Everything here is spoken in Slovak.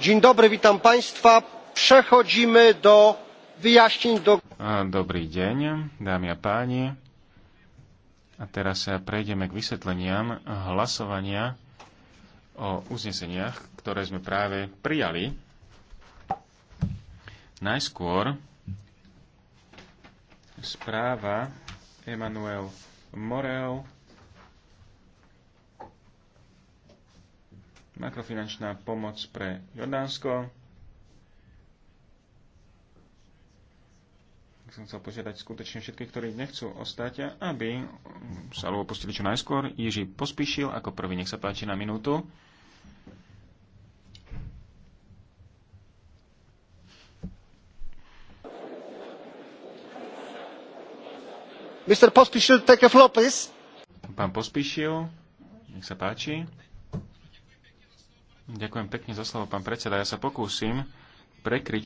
Dzień dobry, witam państwa. Przechodzimy do wyjaśnień do... Dobrý deň, dámy a páni. A teraz sa prejdeme k vysvetleniam hlasovania o uzneseniach, ktoré sme práve prijali. Najskôr správa Emanuel Morel makrofinančná pomoc pre Jordánsko. Som chcel požiadať skutočne všetkých, ktorí nechcú ostať, aby sa opustili čo najskôr. Jiří pospíšil ako prvý, nech sa páči na minútu. Mr. Pospíšil, take a floor, please. Pán Pospíšil, nech sa páči. Ďakujem pekne za slovo, pán predseda. Ja sa pokúsim prekryť